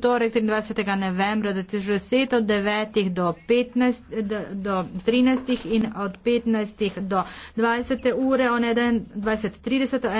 torek 23. novembra 2010 od 9. do, 15, do 13. in od 15. do 20. ure, o neden 20.30.